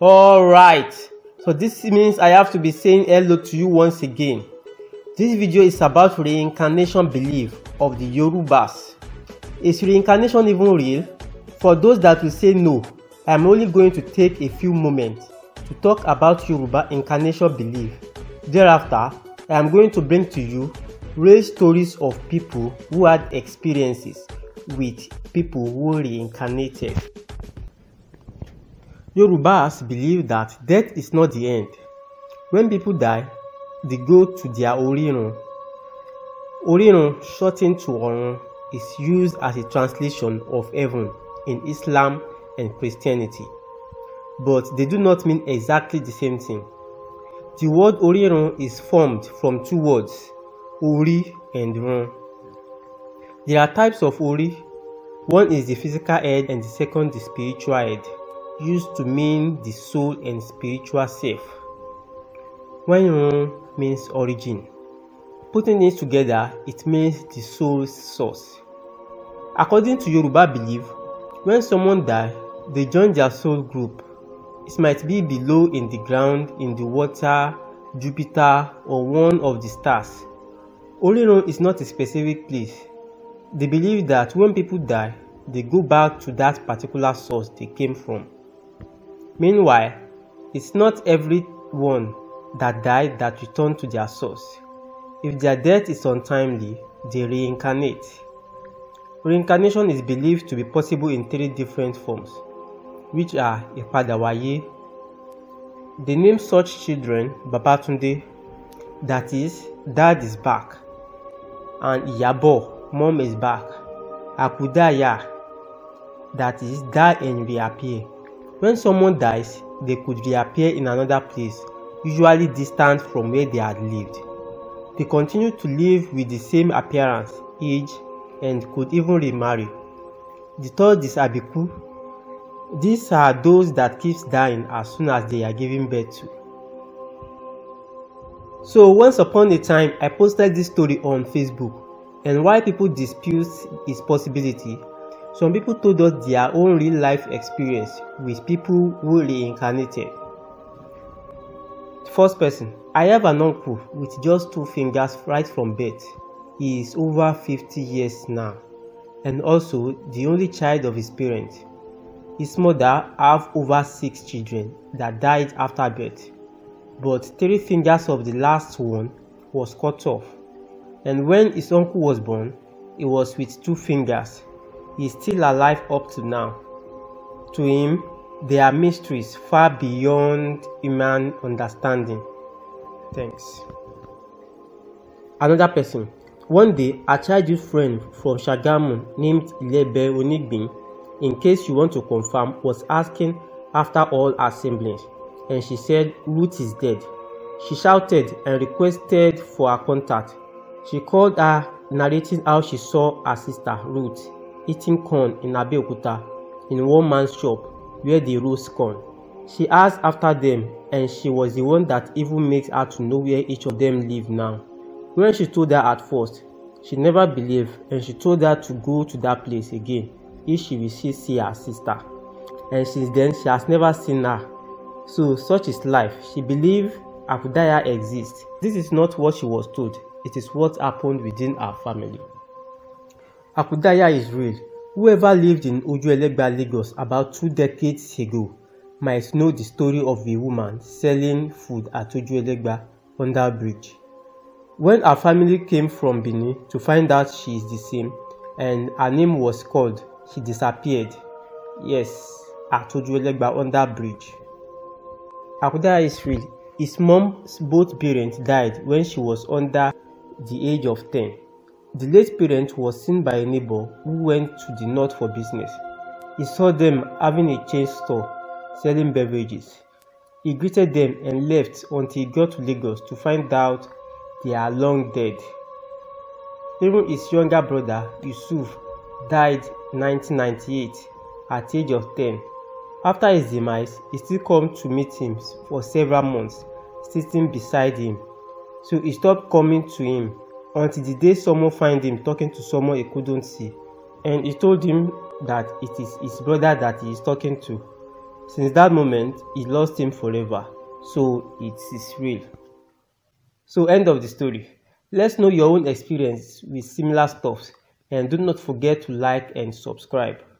all right so this means i have to be saying hello to you once again this video is about reincarnation belief of the yorubas is reincarnation even real for those that will say no i'm only going to take a few moments to talk about yoruba incarnation belief thereafter i am going to bring to you real stories of people who had experiences with people who reincarnated Yorubas believe that death is not the end. When people die, they go to their orinu. Orinu, shortened to Orun, is used as a translation of heaven in Islam and Christianity, but they do not mean exactly the same thing. The word orinu is formed from two words, Ori and Run. There are types of Ori. One is the physical head and the second the spiritual head used to mean the soul and spiritual self. Wanyun means origin. Putting these together, it means the soul's source. According to Yoruba belief, when someone dies, they join their soul group. It might be below in the ground, in the water, Jupiter, or one of the stars. Olero is not a specific place. They believe that when people die, they go back to that particular source they came from. Meanwhile, it's not everyone that died that return to their source. If their death is untimely, they reincarnate. Reincarnation is believed to be possible in three different forms, which are Ipadawaye. They name such children Babatunde, that is, Dad is back, and Iyabo, Mom is back, Akudaya, that is, Dad and reappear. When someone dies, they could reappear in another place, usually distant from where they had lived. They continue to live with the same appearance, age, and could even remarry. The third is Abiku. These are those that keeps dying as soon as they are giving birth to. So once upon a time, I posted this story on Facebook and why people dispute its possibility some people told us their own real life experience with people who reincarnated. First person I have an uncle with just two fingers right from birth. He is over 50 years now and also the only child of his parents. His mother have over six children that died after birth, but three fingers of the last one was cut off. And when his uncle was born, he was with two fingers is still alive up to now. To him, there are mysteries far beyond human understanding. Thanks. Another person. One day, a childhood friend from Shagamun named Ilebe Onigbin, in case you want to confirm, was asking after all her siblings, and she said Ruth is dead. She shouted and requested for her contact. She called her, narrating how she saw her sister Ruth eating corn in Abeokuta in one man's shop where they roast corn. She asked after them and she was the one that even makes her to know where each of them live now. When she told her at first, she never believed and she told her to go to that place again if she will still see her sister. And since then, she has never seen her. So, such is life. She believed Abudaia exists. This is not what she was told, it is what happened within her family. Akudaya is real. Whoever lived in Ojuelegba, Lagos about two decades ago might know the story of a woman selling food at Ojuelegba under bridge. When her family came from Benin to find out she is the same and her name was called, she disappeared. Yes, at Ojuelegba under bridge. Akudaya is real. His mom's both parents died when she was under the age of 10. The late parent was seen by a neighbor who went to the north for business. He saw them having a chain store selling beverages. He greeted them and left until he got to Lagos to find out they are long dead. Even his younger brother, Yusuf, died in 1998 at the age of 10. After his demise, he still come to meet him for several months, sitting beside him. So he stopped coming to him until the day someone find him talking to someone he couldn't see and he told him that it is his brother that he is talking to. Since that moment, he lost him forever. So it is real. So end of the story. Let's know your own experience with similar stuffs and do not forget to like and subscribe.